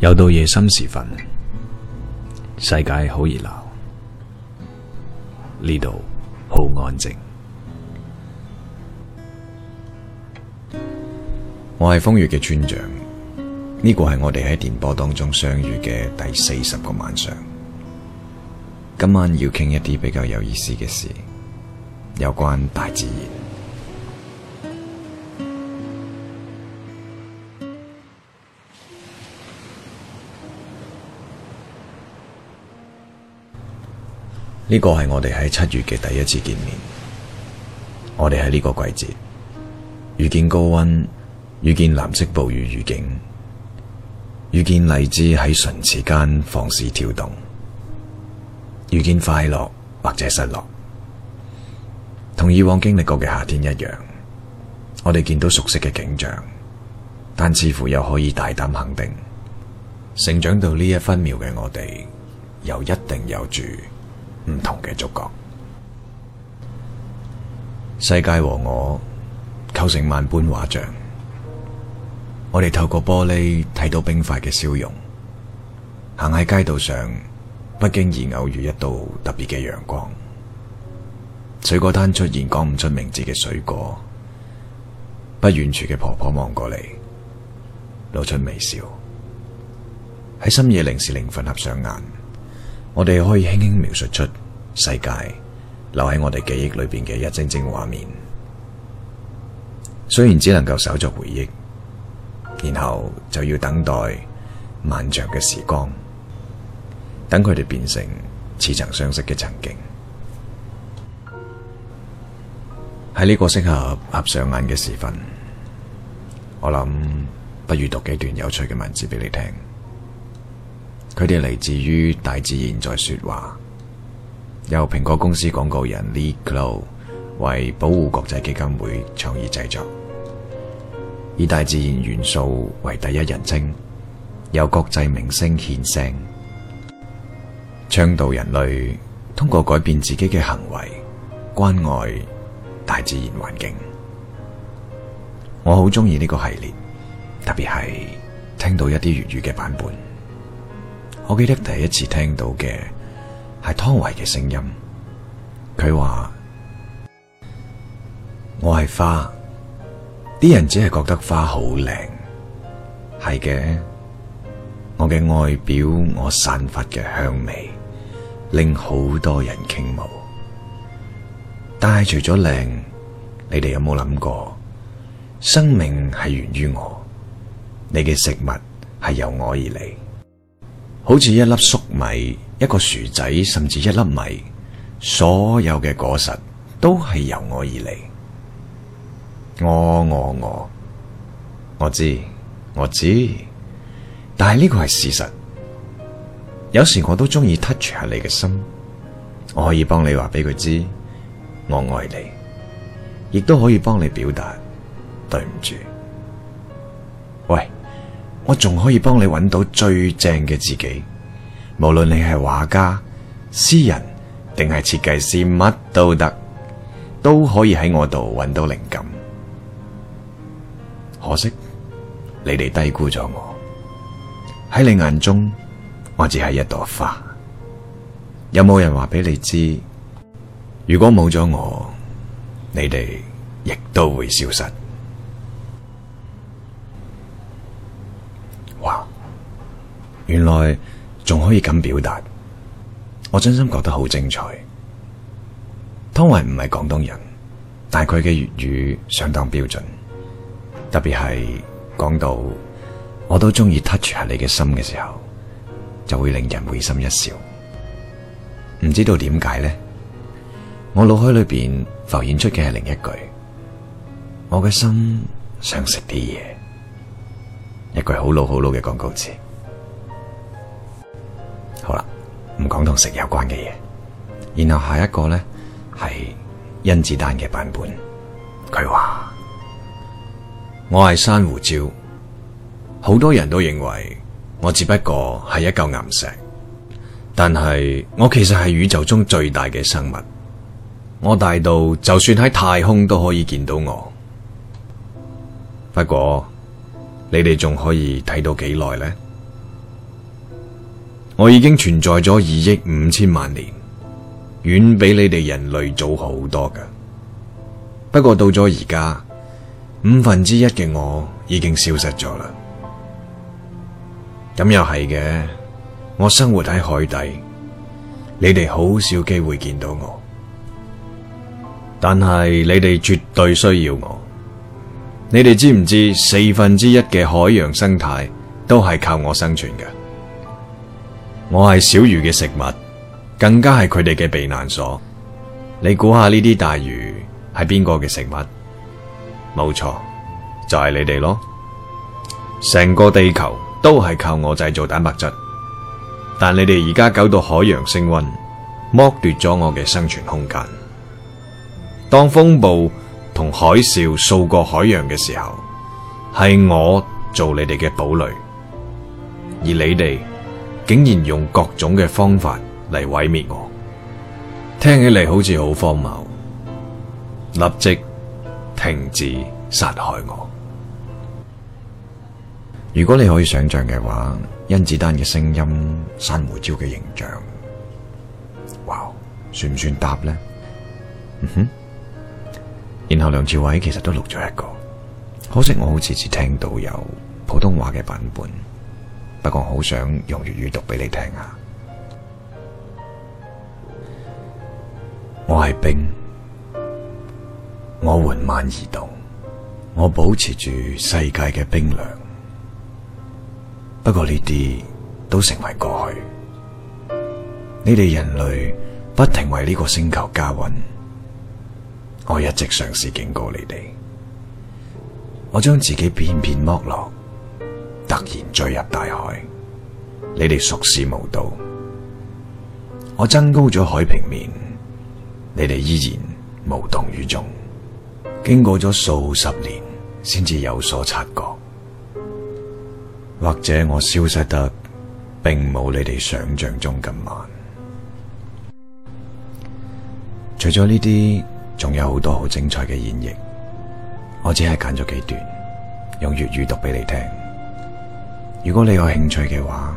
又到夜深時分，世界好熱鬧，呢度好安靜。我係瘋粵嘅村長，呢個係我哋喺電波當中相遇嘅第四十個晚上。今晚要傾一啲比較有意思嘅事，有關大自然。呢個係我哋喺七月嘅第一次見面，我哋喺呢個季節遇見高溫，遇見藍色暴雨預警，遇見荔枝喺唇齒間放肆跳動，遇見快樂或者失落，同以往經歷過嘅夏天一樣，我哋見到熟悉嘅景象，但似乎又可以大膽肯定，成長到呢一分秒嘅我哋，又一定有住，唔同嘅觸覺，世界和我構成萬般畫像。我哋透過玻璃睇到冰塊嘅消融，行喺街道上，不經意偶遇一道特別嘅陽光。水果攤出現講唔出名字嘅水果，不遠處嘅婆婆望過嚟，露出微笑。喺深夜零時零分合上眼。我哋可以輕輕描述出世界留喺我哋記憶裏邊嘅一幀幀畫面，雖然只能夠稍作回憶，然後就要等待漫長嘅時光，等佢哋變成似曾相識嘅曾經。喺呢個適合合上眼嘅時分，我諗不如讀幾段有趣嘅文字俾你聽。佢哋嚟自於大自然在說話，由蘋果公司廣告人 Lee Clow 為保護國際基金會創意製作，以大自然元素為第一人稱，由國際明星獻聲，倡導人類通過改變自己嘅行為，關愛大自然環境。我好中意呢個系列，特別係聽到一啲粵語嘅版本。我記得第一次聽到嘅係湯唯嘅聲音，佢話：我係花，啲人只係覺得花好靚，係嘅。我嘅外表，我散發嘅香味，令好多人傾慕。但係除咗靚，你哋有冇諗過？生命係源於我，你嘅食物係由我而嚟。好似一粒粟米，一個薯仔，甚至一粒米，所有嘅果實都係由我而嚟。我我我，我知我知，但係呢個係事實。有時我都中意 touch 下你嘅心，我可以幫你話俾佢知，我愛你，亦都可以幫你表達對唔住。喂。我仲可以幫你搵到最正嘅自己，無論你係畫家、詩人定係設計師，乜都得，都可以喺我度搵到靈感。可惜你哋低估咗我，喺你眼中我只係一朵花。有冇人話俾你知？如果冇咗我，你哋亦都會消失。原來仲可以咁表達，我真心覺得好精彩。湯唯唔係廣東人，但係佢嘅粵語相當標準，特別係講到我都中意 touch 下你嘅心嘅時候，就會令人會心一笑。唔知道點解呢？我腦海裏邊浮現出嘅係另一句，我嘅心想食啲嘢，一句好老好老嘅廣告詞。唔講同食有關嘅嘢，然後下一個呢，係甄子丹嘅版本，佢話：我係珊瑚礁，好多人都認為我只不過係一嚿岩石，但係我其實係宇宙中最大嘅生物，我大到就算喺太空都可以見到我。不過你哋仲可以睇到幾耐呢？我已經存在咗二億五千萬年，遠比你哋人類早好多㗎。不過到咗而家，五分之一嘅我已經消失咗啦。咁又係嘅，我生活喺海底，你哋好少機會見到我。但係你哋絕對需要我，你哋知唔知四分之一嘅海洋生態都係靠我生存嘅？我係小魚嘅食物，更加係佢哋嘅避難所。你估下呢啲大魚係邊個嘅食物？冇錯，就係你哋咯。成個地球都係靠我製造蛋白質，但你哋而家搞到海洋升溫，剝奪咗我嘅生存空間。當風暴同海嘯掃過海洋嘅時候，係我做你哋嘅堡壘，而你哋。竟然用各種嘅方法嚟毀滅我，聽起嚟好似好荒謬。立即停止殺害我。如果你可以想象嘅話，甄子丹嘅聲音、珊瑚礁嘅形象，哇，算唔算搭呢？嗯哼。然後梁朝偉其實都錄咗一個，可惜我好似只聽到有普通話嘅版本。不過好想用粵語讀俾你聽啊！我係冰，我緩慢移動，我保持住世界嘅冰涼。不過呢啲都成為過去。你哋人類不停為呢個星球加温，我一直嘗試警告你哋，我將自己片片剝落。突然墜入大海，你哋熟視無睹；我增高咗海平面，你哋依然無動於衷。經過咗數十年，先至有所察覺。或者我消失得，並冇你哋想象中咁慢。除咗呢啲，仲有好多好精彩嘅演繹，我只係揀咗幾段用粵語讀俾你聽。如果你有興趣嘅話，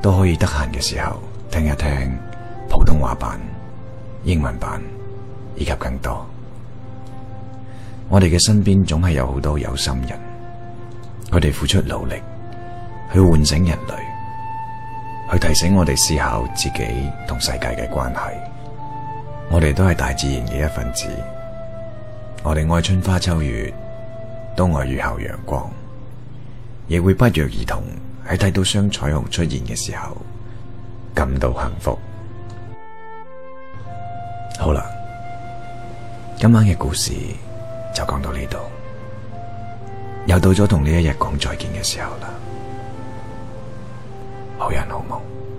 都可以得閒嘅時候聽一聽普通話版、英文版以及更多。我哋嘅身邊總係有好多有心人，佢哋付出努力去喚醒人類，去提醒我哋思考自己同世界嘅關係。我哋都係大自然嘅一份子，我哋愛春花秋月，都愛雨後陽光。亦會不約而同喺睇到雙彩虹出現嘅時候，感到幸福。好啦，今晚嘅故事就講到呢度，又到咗同你一日講再見嘅時候啦，好人好夢。